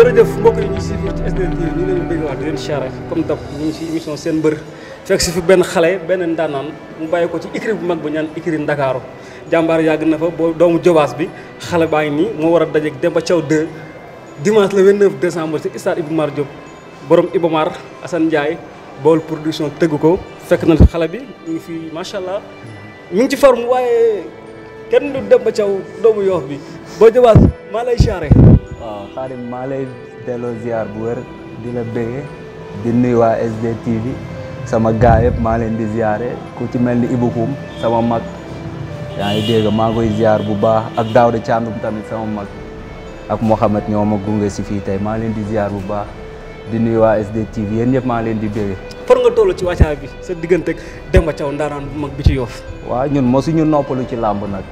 jërëjëf mbokk yi ñu si fii ci SDT ñu ngi ngi si émission seen mbër fekk si fi benn xale benn ndaanaan bàyyi ko ci écurie bu mag bu ñaan écurie Ndakaaru jàmbaar yàgg na fa boo doomu jobaas bi xale baa ngi nii moo war a dajeeg Demba Thiaw 2 dimanche le 29 décembre si stade Iba Mar Diop borom Iba Mar Assane Ndiaye bool production tëgg ko fekk na xale bi ñu fii macha allah mu ngi ci forme waaye kenn du ba caw doomu yoof bi boo jobaas maa lay siyaare xaadim oh, maa lay delloo ziar bu wër di la bége di nuyu waa SDTV sama gaay yëpp maa leen di ziare ku ci mel ni sama mag yaa ngi dégg maa koy ziar bu baax ak Daouda Thiandoum e tamit sama mag ak Muhammad ñoo ma gunge si fii tey maa leen di ziar bu baax di nuyu waa SDTV yéen ñëpp maa leen di bége. for nga toll ci wàccaay bi sa diggante ak Demba Thiaw ndaanaan bu mag bi ci Yoff. waaw ñun mosuñu noppalu ci làmb nag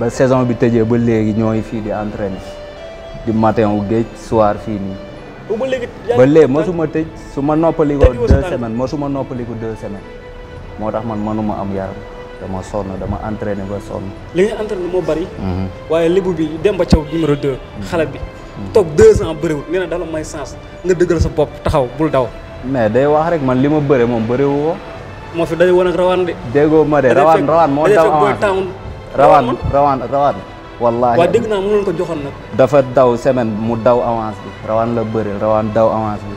ba saison bi tëjee ba léegi ñooy fii di entraîner di matin ou géej soir fii nii ya- ba léegi ba léegi mosuma tëj su ma noppaliku deux semaines nopali ko deux semaines motax man manuma am yaram dama sonna dama entraîner ba sonn li nga ya entraîné moo bari mhm. waye libu bi dem ba ciow numéro 2 mhm. xala bi tok 2 ans bëriwul nee na dala may sens nga dëggal sa bop taxaw bul daw mais day wax rek man lima ma bëre moom bëriwu mo fi dañu woon ak rawaan de déggoo ma de rawaan rawaan mo daw rawaan rawaan rawaan wallaahi waaw dégg naa mënoon ko joxoon nag. dafa daw semaine mu daw avance bi rawaan la bëril rawaan daw avance bi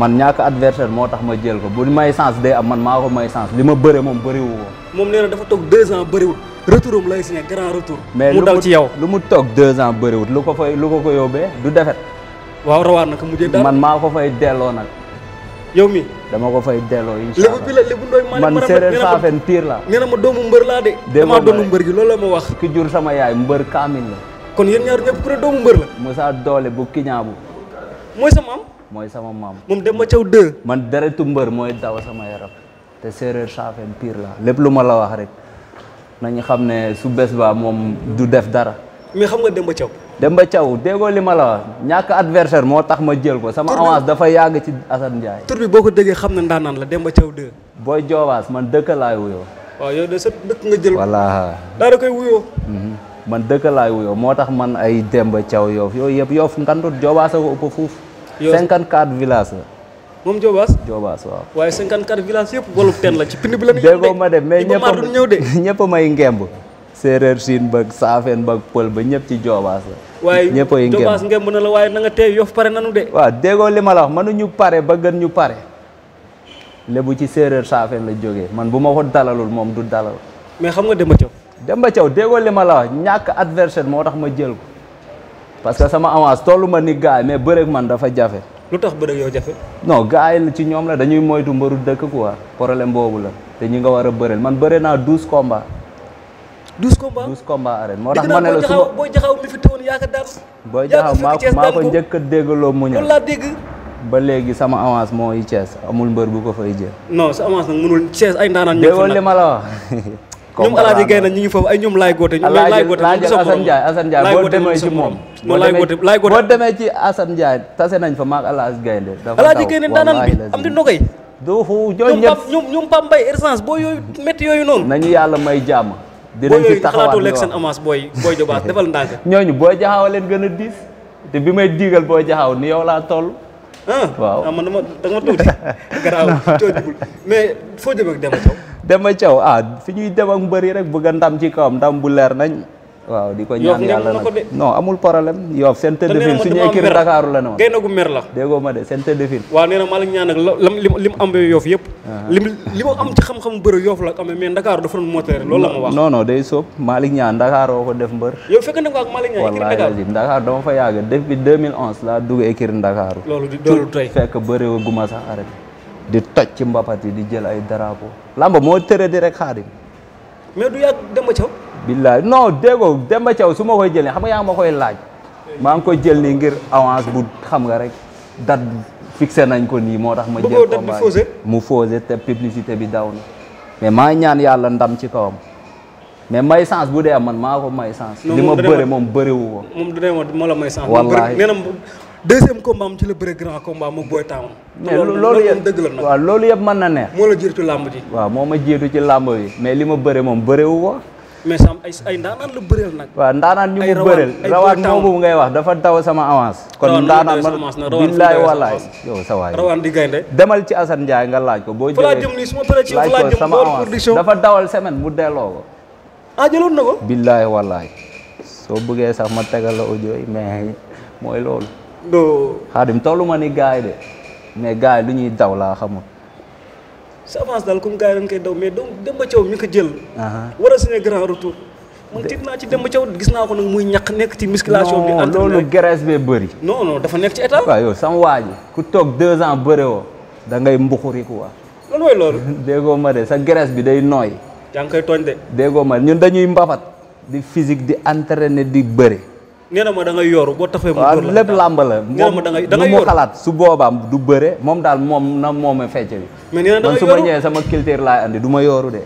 man ñàkk adversaire moo tax ma jël ko bu may chance day a man maa ko may chance li ma bëre moom bëriwu ko. moom nee na dafa toog deux ans bëriwul retour am lay signé grand retour. mu daw ci yow lu mu toog deux ans bëriwul lu ko fay lu ko ko yóbbee du defet waaw rawaan nag mu mujjee daal man maa ko fay delloo nag. yomi dan dama ko fay delo inshallah allah lébu bi la lébu ndooy man man séeréer saafen tiir la nee ma doomu mbeur la de dama doomu mbeur gi wax ki jur sama yaay mbeur kamil la kon yeen ñaar ñep ku re doomu mbeur la Moussa Doole bu kiñaabu moy sama mam moy sama mam moom dem ma ciow de man deretu mbeur moy daw sama yaram te séeréer saafen piir la lepp luma Nanya la wax rek nañu xamne su bes ba mom du def dara mi xam nga dem ba ciow dem ba ciow lima li Nyaka adversaire moo tax ma jël ko sama avance dafa yag ci asan ndjay tour bi boko dege xamna nda nan la dem ba ciow deux boy jowas man dëkk lay wuyo wa yow de sa dëkk nga jël wala da rek wuyo mhm. man dëkk lay wuyo moo tax man ay dem ba ciow yof yëpp yeb yof Joobaas jowas ko upp foofu 54 village mom la moom wa way 54 village cinquante quatre ten la ci pindi bi la dego ma dem mais ñepp ñepp may ngemb serer sin safen pol ba ci waaye ñëpp a ngi Jobaas ngeen na la waaye nanga nga tey yof pare nanu de. waa déggoo li ma la wax mënuñu pare ba gën ñu pare lébu ci séeréer saafeen la jógee man bu ma ko dalalul moom du dalal. mais xam nga Demba Thiaw. Demba Thiaw déggoo li ma la wax ñàkk adversaire moo tax ma jël ko parce que sama avance tollu ma ni gars yi mais bëreeg man dafa jafe. lu tax bëreeg yow jafe. non gars yi ci ñoom la dañuy moytu mbaru dëkk war problème mboobu la te ñi nga war a bëreel man bëre naa douze combats. douze combats douze moo tax ma ne la su ma booy jaxaw mi fi teewoon yaa ko daan booy maa ko njëkk a déggaloo mu laa dégg ba léegi sama avance moo yi Thiès amul mbër bu ko fay jël non sa avance nag mënul Thiès ay ndaanaan ma la wax ñoom alaaji gay ñu ngi foofu ay ñoom laay goote ñoom laay goote alaaji Assane Ndiaye Assane Ndiaye boo demee ci moom non laay goote laay goote boo demee ci Assane Ndiaye tase nañ fa maak alaaji gaynde alaaji gaynde ndaanaan bi am di nogay doofu ñoom ñoom ñoom Pam Mbaye urgence boo yooyu métti yooyu noonu nañu yàlla may jàmm dinañ fi taxawaat boy boy xalaatul boy, boy avance defal ndànk. ñooñu booy jaxaaw leen gën a te bi may diigal booy jaxaaw ni yow laa toll. Ah, waaw ah man tuuti. mais ak ah dem ak waaw di ko ñaan yàlla nag no amul problème Yoff seen tëdd fil suñu équipe Dakaaru la ne woon gaynde gu mer la déggoo ma de seen tëdd fil yëpp ah. lim li mu am ci xam-xam bëri Yoff la amee mais Dakar dafa doon moteur loolu la ma wax non def mbër yow fekk na ko ak Malick Niang wallaahi lazim Dakar dama fa laa dugg équipe Dakar loolu di doolu tey fekk bëri gu ma sax arrêté di toj ci mbapat yi di jël ay drapeau lamba moo tëre di rek xaadim mais du yàgg dem caw billaay non déggoo Demba Thiaw su ma koy jël nii xam nga yaa ma koy laaj maa ngi koy jël nii ngir avance bu xam nga rek date fixé nañ ko nii moo tax ma jël combat mu fausé te publicité bi daw na mais maa ñaan yàlla ndam ci kawam mais may chance bu dee am man maa ko may chance li ma bëri moom bëriwu ko moom du moo la may chance wallaahi nee na deuxième ci la bëre grand combat moom booy taamam mais loolu yëpp loolu yëpp mën na neex moo la jiitu làmb ji waaw moo ma jiitu ci làmb bi mais li ma bëri moom bëriwu ko mais ay ay ndaanaan la bëreel nag. waaw ndaanaan ñu mu bëreel rawaan moomu ngay wax dafa daw sama avance. kon ndaanaan man billaay wallaay yow di gaynde demal ci Assane Ndiaye nga laaj ko boo jëlee laaj ko sama avance dafa dawal semaine bu delloo ko. ah jëloon soo bëggee sax ma tegal la audio yi mooy loolu. doo xaadim ma ni gars yi de mais gars lu ñuy daw laa sa avance daal comme gars yi dañ koy daw mais donc Demba Thiaw mi ko jël. war a signé grand retour. man tiit naa ci Demba gis naa ko nag muy ñaq nekk ci musculation bi. entraîné non loolu graisse bee bëri. non non dafa nekk ci état. ku toog deux ans bëre da ngay mbuxuri quoi. lan mooy ma de sa bi day nooy. yaa ngi koy tooñ ma ñun dañuy mbapat di physique di entraîné di bëri. neena ma da nga yor bo tafé mo door lepp lamb la mom da nga da nga mo xalat su boba du beure mom dal mom na mom e fecc bi mais neena da nga man su ma ñëwé sama culture la andi duma yoru dé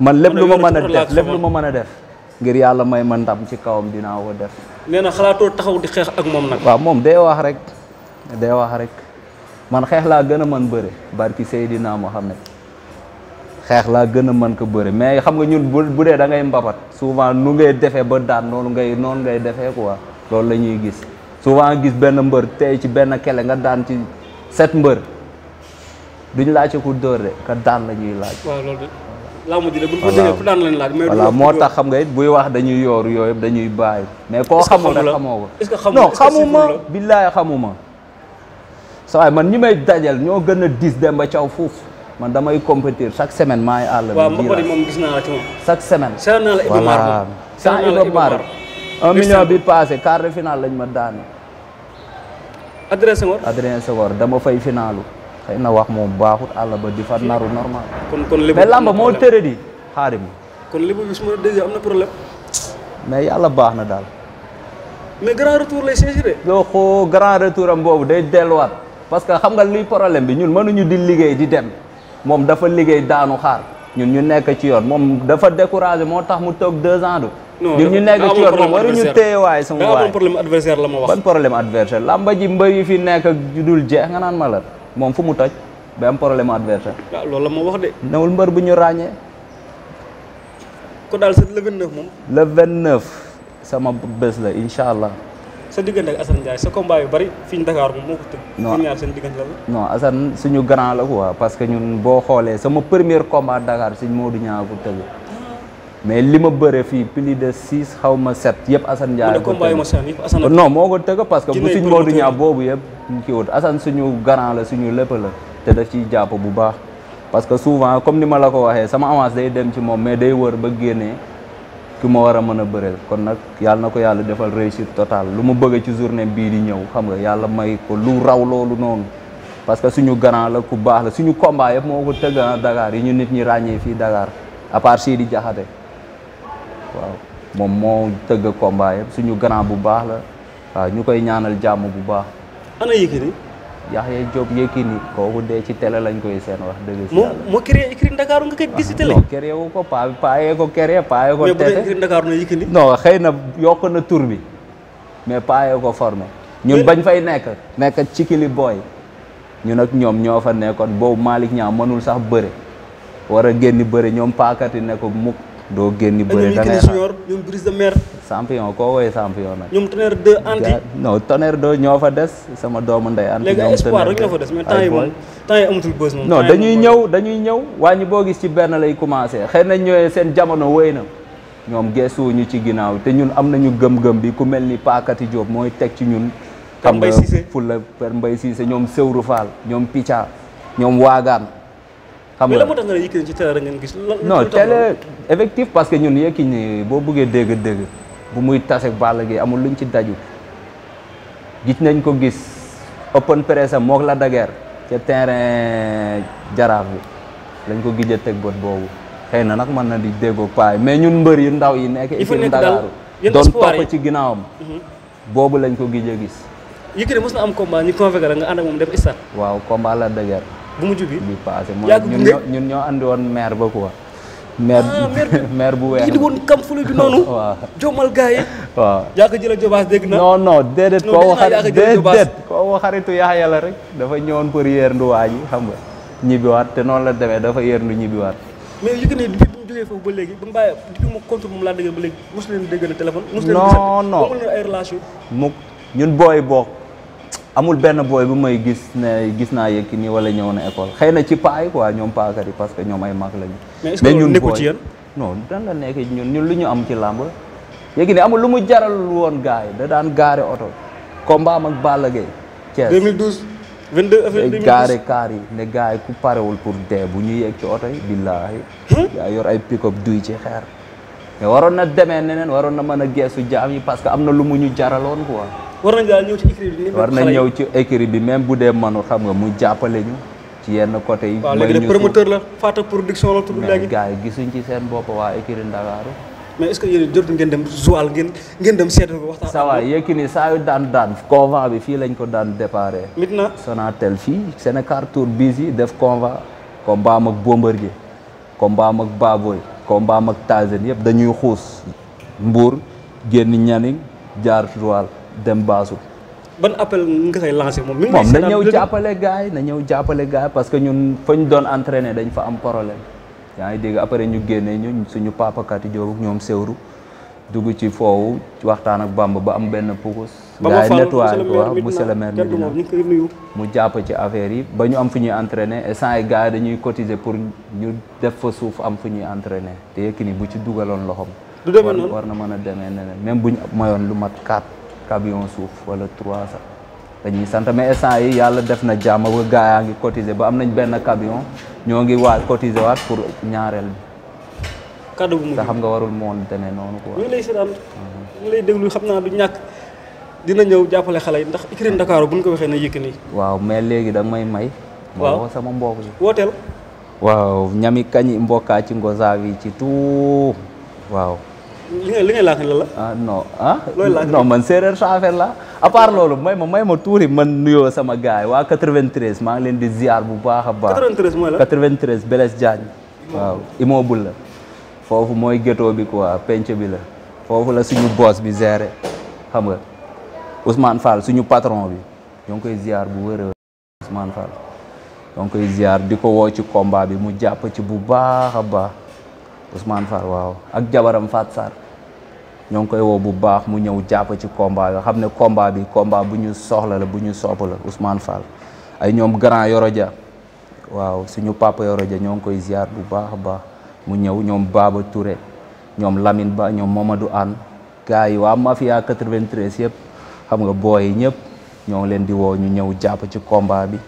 man lepp luma mëna def lepp luma mëna def ngir yalla may man tam ci kawam dina wo def neena xalaato taxaw di xex ak mom nak wa mom day wax rek day wax rek man xex la gëna man beure barki sayidina muhammad xex la gëna a mën ko bëre mais xam nga ñun bu dé da ngay mbapat souvent nu ngay défé ba daan noonu ngay non ngay défé quoi loolu lañuy gis souvent gis ben mbeur tey ci ben kélé nga daan ci set mbeur duñ laajte ko door dé ka daan lañuy ñuy laaj. waaw loolu la mu di de buñ ko déggee fu daan lañ laaj. mais voilà moo tax xam nga it buy wax dañuy yooru yooyu dañuy bàyyi. mais ko xamul rek xamoo ko. est non xamuma billahi xamuma. saway man ñi may dajal ño gëna dis dem ba ciow fofu man damay compétir chaque semaine may all wa àll. ko di mom gis na la ci mom chaque semaine. seen naa la Ibou Mar moom sans Ibou Mar. un million bi passé quart de finale lañ ma daane. Adrien Senghor. Adrien Senghor dama fay finale xëy na wax mom baxut àll ba difa naru normal. kon kon lépp mais lamba mo téré di harim kon lépp bis ma dèjà am na problème. mais yalla baax na daal. mais grand retour lay saisir do yoo xoo grand retour am bobu day delouat parce que xam nga li problème bi ñun mënu ñu di liggéey di dem. moom dafa liggéey daanu xaar ñun ñu nekk ci yoon moom dafa découragé moo tax mu toog deux ans du ñun ñu nekk ci yoon moom waruñu téye waaye sama waay problème adversaire la ma wax ban problème adversaire lamba ji mbar yi fi nekk ak ju dul jeex nga naan ma la moom fu mu toj ba am problème adversaire waaw ah, loolu la ma wax de nawul mbër bu ñu ràññee ko daal c'est le 29 moom le 29 sama bés la incha allah sa diggante ak Assane Ndiaye sa combat yu bari fii Dakar moom moo ko tëgg. non ñaar seen diggante la. non Assane suñu grand la quoi parce que ñun boo xoolee sama première combat Dakar suñ Modou Niang ko tëgg. mais li ma bëre fii plus de six xaw ma sept yëpp Assane Ndiaye. ko tëgg no moo ko tëgg parce que bu suñ Modou Niang boobu yëpp kii wut Assane suñu grand la suñu lépp la te daf ciy jàpp bu baax. parce que souvent comme ni ma la ko waxee sama avance day dem ci moom mais day wër ba génnee. ki ma war a mën a bëreel kon nag yàlla na ko yàlla defal réussite total lu mu bëgg ci journée bii di ñëw xam nga yàlla may ko lu raw loolu noonu parce que suñu grand la ku baax la suñu combat yëpp moo ko tëgg ah, Dakar yi ñu nit ñi ràññee fii dagar à part si di jaxate moom moo tëgg combat yëpp suñu grand bu baax la waaw ñu koy ñaanal jàmm bu baax. ana Yékini Yaxya Diop Yékini kooku dee ci télé lañu koy seen wax dëgg si yàlla moo créé écurie Ndakaaru nga koy gis ci télé non créé wu ko pa paayee ko créé paayee ko na xëy na yokk na tur bi mais paayee ko formé ñun bañ fay nekk nekk kili Boy ñun nag ñoom ñoo fa nekkoon boobu Malick Niang mënul sax bëre war a génn bëre ñoom paakati ne ko mukk doo génn bëri da ngay xam ñoom brise de mer. champion koo woowee champion nag. ñoom tonnerre de anti. non tonnerre de ñoo fa des sama doomu ndey anti. léegi espoir rek la fa des mais dañuy ñëw dañuy ñëw wàññi boo gis ci benn lay commencé xëy na ñëwee seen jamono wéy na ñoom geesuwuñu ci ginnaaw te ñun am nañu gëm-gëm bi ku mel ni paakati Diop mooy teg ci ñun. xam nga fula per Mbay Siise ñoom Sewru Fall ñoom Picca ñoom Waagaan. xam nga mais la moo tax nga ne ci télé ngeen gis. non télé effectif parce que ñun Yékini boo bëggee dégg-dégg bu muy tase Balla Gaye amul luñ ci daju gis nañ ko gis open press am moog la daguerre ca terrain jaraaf bi lañ ko gijja teg bët boobu xëy na nag na di déggoo paay mais ñun mbër yu ndaw yi nekk équipe Ndakaaru doon topp ci ginnaawam boobu lañ ko gijja gis Yékini mos na am combat ñu convoqué nga ànd ak moom def istat waaw combat la daguerre bu mujj bi bi passé mo ñun ñun ño andi won maire ba quoi maire maire bu ah, ya. di woon kam fulu bi jomal gars yi waaw yaa ko jëlee na non non déedéet koo waxar déedéet koo xaritu yaa yàlla rek dafa ñëwoon pour yéerndu waa ji xam nga ñibbiwaat te noonu la demee dafa yéerndu ñibbiwaat mais yëg ne depuis bu mu jógee ba léegi ba mu bàyyi mu ba na téléphone non non ay relation ñun amul benn booy bu may gis ne gis naa Yékini wala ñëw na école xëy na ci paay quoi ñoom paakat parce que ñoom ay mag lañu. mais est-ce que loolu nekkul ci yéen non dan la ñun ñun lu ñu am ci làmb Yékini amul lu mu jaral woon gars da daan gaare oto combat am ak Balla Gaye Thiès 2012 gaare kaar yi ne gars yi ku parewul pour dee bu ñu yegg ci oto yi billaahi yaa hmm? yor ay pick-up duy ci xeer mais waroon na demee neneen waroon na mën a geesu jaam yi parce que am na lu mu ñu jaraloon quoi war nañ ñew ci écrit bi war nañ ñëw ci écurie bi même bu dee manul xam nga mu jappalé ñu ci yenn côté yi ba léegi promoteur la Fata production la tuddu légui gaay gisun ci seen bop wa écrit Ndakaaru mais est ce que yéen jot ngeen dem zoal ngeen ngeen dem seetal ko waxtaan sa wa yëkkini sa yu dan dan convoi bi fi lañ ko dan déparé mitna maintenant Sonatel fii Sénécar tour busy def convoi combat ak Bombardier combat mak Baboy combat mak Tazen yëpp dañuy xuus Mbour genn ñaning jaar Joal dem baasu. ban appel nga koy lancé moom. na ñëw jàppale gars yi na ñëw jàppale gars parce que ñun fa doon entraîné dañ fa am problème. yaa ngi dégg après ñu génnee ñu suñu papakati Diop ñoom Sewru dugg ci foowu waxtaan ak bàmb ba am benn pukus. gars yi bu ko waaw monsieur le mu jàpp ci affaire yi ba ñu am fu ñuy entraîné et sans gars yi dañuy cotiser pour ñu def fa suuf am fu ñuy entraîné te Yékini bu ci dugaloon loxom war na mën a demee neneen même bu ñu lu mat 4. camion suuf wala trois sax dañuy sant mais instant yi yàlla def na jàmm ba gaa yaa ngi cotiser ba am nañ benn camion ñoo ngi waa cotisé waat pour ñaareel bi. kaddu gu mujj xam nga warul moon demee noonu quoi. ñu lay seetaan mhm. ñu lay déglu du ñàkk dina ñëw jàppale xale yi ndax Ikrim Dakar bu ñu ko waxee na yëkkani. waaw mais léegi da may may. waaw sama mbokk yi wooteel. waaw ñami kañi mbokkaa ci ngosa bi ci tout waaw. li nga li nga la. ah, ah man séeréer sa la à part loolu may ma may ma tuuri man nuyoo sama gars yi waa 93 maa ngi leen di ziar bu baax a baax. 93 mooy la 93 Blaise Diagne. waaw immobile la. foofu mooy ghetto bi quoi penc bi la. foofu la suñu bos bi géré xam nga Ousmane Fall suñu patron bi ñoo ngi koy ziar bu wërëw Ousmane ñoo koy ziar di ko woo ci komba bi mu jàpp ci bu baax a baax. Ousmane Sarr waaw ak jabaram Faat saar ñoo ngi koy woo bu baax mu ñëw jàpp ci combat nga xam ne combat bi combat bu ñu soxla la bu ñu sopp la Ousmane Fall ay ñoom grand Yoroja waaw suñu papa Yoroja ñoo ngi koy ziar bu baax a baax mu ñëw ñoom Baba Touré ñoom Lamine Ba ñoom Mamadou Anne gars yi waa Mafia 93 yëpp xam nga booy yi ñëpp ñoo ngi leen di woo ñu ñëw jàpp ci combat bi.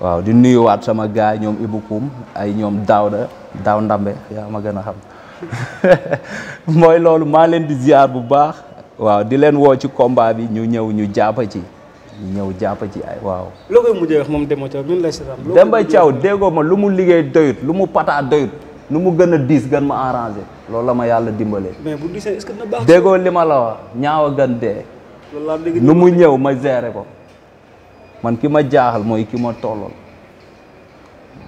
waaw di nuyuwaat sama gaay ñoom Ibou Koum ay ñoom Daouda Daaw Ndambe yaa ma gën a xam mooy loolu maa leen di ziar bu baax waaw di leen woo ci kombaa bi ñu ñëw ñu jàpp ci ñu ñëw jàpp ci ay waaw. loo koy mujjee wax moom Demba Thiaw Demba Thiaw déggoo ma lu mu liggéey doyut lu mu pataa doyut lu mu gën a diis gën ma arrangé loolu la ma yàlla dimbalee. mais déggoo li ma la wax ñaaw a gën dee. nu mu ñëw ma géré ko. man ki ma jaaxal mooy ki ma tollool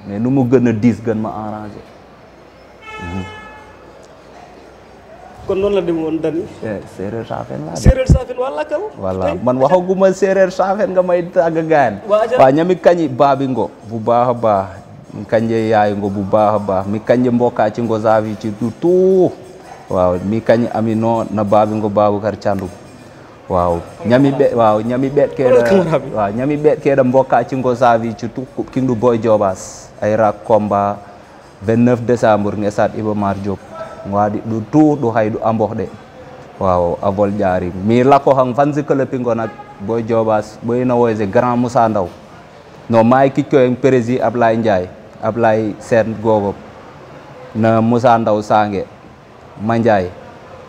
mais nu mu gën a diis gën ma arrangé. Hmm. kon noonu la demee woon eh, laa séeréer saafeen waa lakkal. voilà man waxaguma séeréer saafeen nga may tàgg gaayan. waa ñami kañi baabi ngo bu baax a baax. mi kañe ngo bu baax a baax mi kañe mbokkaa ci ngo ci du tout waaw mi kañ amino na baabi ngo Babacar Candum waaw ñami ɓe waaw ñami ɓeeɗ keeɗa waaw ñami ɓeeɗ keeɗa mbokka cingo saavi surtout kinɗu boy jobas ayra comba 29 nge sat iba mar diop waɗi ɗu tout ɗu hay ɗu ambohɗe waaw a vol ƴaari mi lakko han fansi kalapingo nak boy jobas ɓoyno woyse grand moussa ndaw no mayi kikkoyen prési ablay ndiaye ablay sen gogo no moussa ndaw sangue mandiaye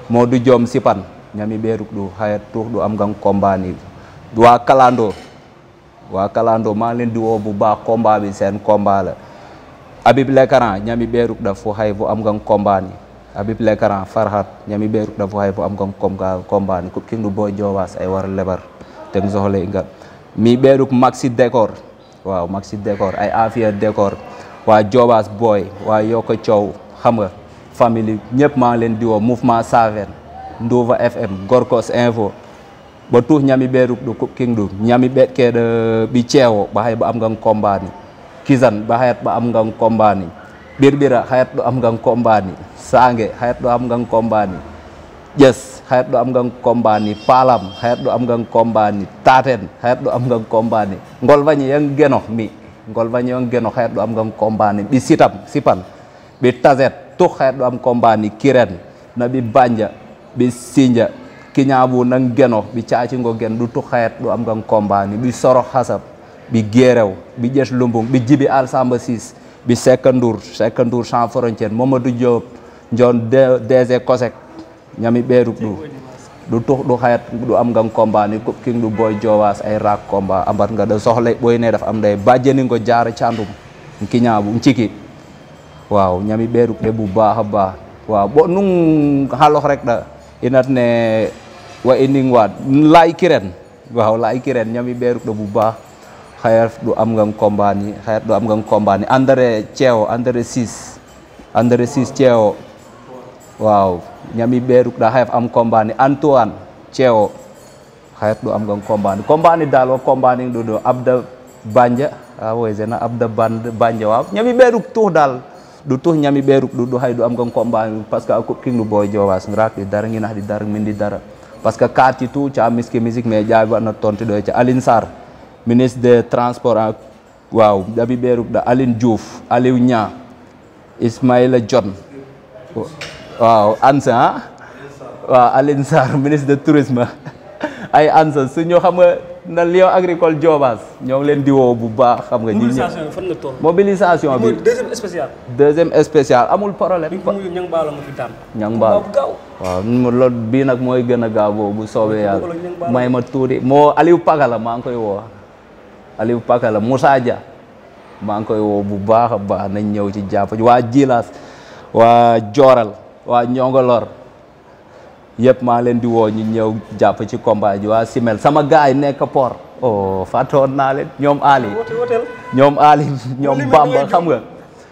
modou diom sipan ñami ɓeeruk ɗo xaye tuux ɗo am ngang combat ni kalando waa kalando maa ngi leen bu baax combat bi seen combat la Habib Lekaran ñami ɓeeruk ɗa fo xaye fo am ngang combat ni Lekaran Farhat ñami ɓeeruk ɗa fo xaye fo am ngang combat ni kuɓ kindu boy jowas ay war lebar ten soxle i mi ɓeeruk maxi décor waaw maxi décor ay affaire décor waa jobaas booy waa yokko coow xam nga famille ñëpp maa ngi leen Saven ndova fm gorkos info ba tuh ñami ɓe kingdom ñami ɓe de bi ceewo ba hay ba am kisan ba hayat ba am gan combani ɓirɓira hayat do am gan combani sangue hayat do am gan combani ƴes hayat do am gan combani palam hayat do am gan combani taten hayat do am gan combani ngol wañi geno mi ngol wañi yan geno hayat do am gan combani bi sitam sipan bi tazet tuh hayat do am combani kiren nabi banja ɓe sindia kiñaabu nan geno ɓe caacingo gen ɗu tukayet ɗo am kan combani ɓe soro hasab ɓe guérew ɓe ƴes lumbung ɓe jibi alsamba sis ɓe sekandour sekandour sans frontiére mamadou diop jon dg kosek ñami ɓeerup du ɗu tux ɗu xayat ɗu am ngan combat ni kuɓ king ɗu boy jowas ay rak combat ambat nga ɗo sohlay ɓoyne daf am ɗay bajjeni ngo jaara candum kiñaabu ciki waaw ñami ɓeerup ɗe bu baax a baax waaw ɓo nun halox rek ɗa inat ne wa ining wat lai kiren waaw lai kiren ñami beruk do bu ba xayar du am ngam kombani xayar do am ngam kombani andare ceo andare sis, andare sis ceo wow. ñami beruk da xayaf am kombani antoine ceo xayar do am ngam kombani kombani dal wa kombani do do abda banja ah zena abda band banja wa ñami beruk tuh dal du tuh nyami beruk du duhay du am gon komba parce que aku king lu boy jowas ngrat di dar ngina di dar min di dar parce que kati tu ca miski musique mais jabi na tonti do ca Alin Sar ministre des transports dabi beruk da Alin Diouf Aliou Nia Ismaïla John wow, ansa waaw Alin Sar ministre de tourisme ay ansa suñu xam nga na Lion agricole Diobass ñoo ngi leen di woo bu baax xam nga. ñi mobilisation bi fan la toll. mobilisation bi deuxième spécial. deuxième spécial amul problème. ñang baal ma fi tànn. ñang baal waaw loolu bii nag mooy gën a gaaw boobu bu soobee yàlla. may ma tuuti moo Aliou Pakala maa ngi koy woo. Aliou Pakala Moussa Dia maa ngi koy woo bu baax a baax nañ ñëw ci jàpp waa Jilaas waa Joral waa Ñongolor. yëpp maa leen di woo ñu ñëw jàpp ci combat waa Simel sama gars yi nekk port oh fàttoon naa leen ñoom Ali ñoom Ali ñoom Bamba xam nga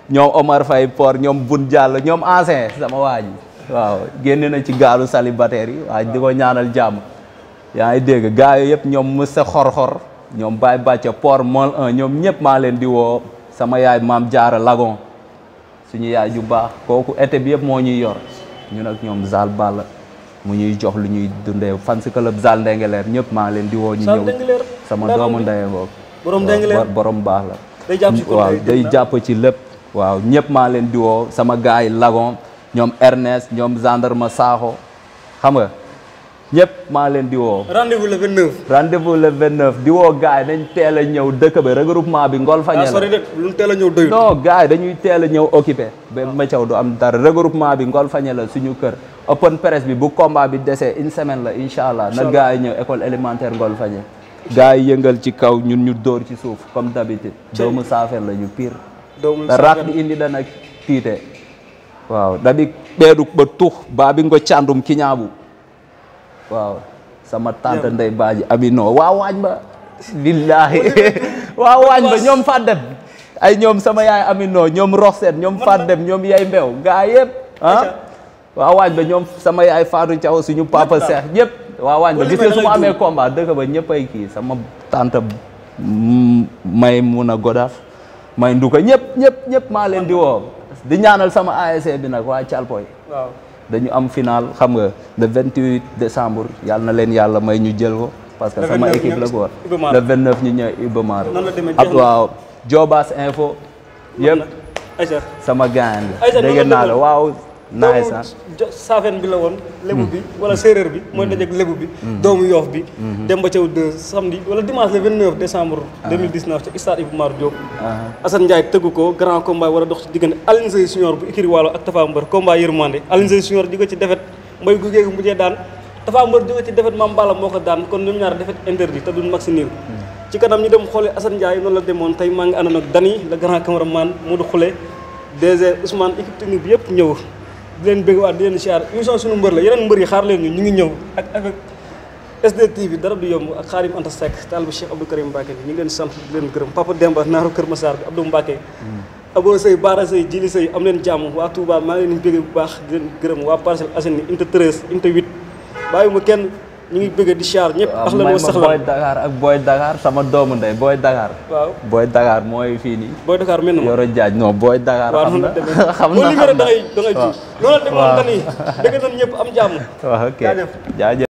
ñoom Omar Faye port ñoom Bun Diallo ñoom ancien sama waa ji waaw génn na ci gaalu célibataire yi waaye di ko ñaanal jàmm yaa ngi dégg gars yooyu yëpp ñoom Moussa xor-xor ñoom Baye Bàcca port mol 1 ñoom ñëpp maa leen di woo sama yaay maam jaara lagon suñu yaay ju baax kooku été bi yëpp moo ñu yor ñu ak ñoom zal ball mu ñuy jox lu ñuy dundee fan si club Zal Ndingler ñëpp maa leen di woo ñu ñëw sama doomu ndey boobu borom Ndingler borom baax la waaw day jàpp ci lépp waaw ñëpp maa leen di woo sama gars yi Lagon ñoom Ernest ñoom gendarme Sakho xam nga ñëpp maa leen di woo. rendez-vous le 29. rendez-vous le 29 di woo gars ñëw dëkk ba bi ngol fañe la sori de lu teel a ñëw doyul. non gars dañuy teel a ñëw occupé. ba ah. ma caw du am dara regroupement bi ngol fañe la suñu kër. open press bi bu combat bi desee une semaine la incha allah. na gars yi ñëw école élémentaire ngol fañe gars yi yëngal ci kaw ñun ñu door ci suuf comme d'habitude. doomu saafara la ñu piir doomu saafara raak di indi dana tiite. waaw dabi beedu ba tuux baa bi ngo càndum ki ñaabu waaw sama tante Ndeye Badji Abino waa waañ ba billaahi waa waañ ba ñoom fat dem ay ñoom sama yaay Amino ñoom Roxset ñoom fat dem ñoom yay mbew gaa yëpp ah? waa waañ ba ñoom sama yaay Fatou Thiaw suñu papa Seex ñëpp waa waañ ba gis nga su ma amee combat dëkk ba ñëpp ay kii sama tànta may mun a godaf may nduka ñëpp ñëpp ñëpp maa leen di woo di ñaanal sama ASC e bi nag waa Calpoy waaw dañu am final xam nga le 28 décembre yalla na leen yalla may ñu jël ko parce que sama équipe la ko war le 29 ñu ñëw Ibamar ak waaw jobas info yeb sama Gand, la dégg la waaw naay sax saafeen bi la woon. lebu bi hmm. wala séeréer bi. mooy hmm. dajeeg lebu bi. Hmm. doomu yoof bi. dem ba caw de samedi wala dimanche le 29 décembre. 2019 ah. ca stade Iba Mar Diop. Ah. Assane Ndiaye tëggu ko grand combat war a dox ci diggante Alioune Seye bu Ikiri Waalo ak Tafa Mbër combat yërmande Alioune Seye Junior ci defet mbay gu géegu mujjee daan Tafa Mbër jóge ci defet Mame moo ko daan kon ñoom ñaar defet interdit te duñ maxi niir. ci kanam ñu dem xoolee Assane Ndiaye noonu la demoon tey maa ngi àndoon ak yëpp ñëw di leen bëgg waat di leen siyaar émission sunu mbër la yeneen mbër yi xaar leen ñu ñu ngi ñëw ak avec SDTV dara du yomb ak Xaadim Anta Seck taalibu Cheikh Abdou Karim Mbacke bi ñu ngi leen sant di leen gërëm Papa Demba naaru Kër Massar bi Abdou Mbacke mm. Abo Sey Baara Sey Jili Sey am leen jàmm waa Touba maa ngi leen bëgg bu baax di leen gërëm waa Parcelles Assainies unité 13 unité 8 bàyyi ma kenn ñu ngi bëgg di char ñëpp. axlan wa saxlan booy Dakar ak booy Dakar sama doomu ndey booy Dakar. waaw booy Dakar mooy fii nii. booy Dakar mel na ma yoro jaaj non booy Dakar. xam na xam na da ngay da ngay ji. waaw waaw loolu da nga doon da ngay da nga doon ñëpp am jàmm. waaw ok jaajëf.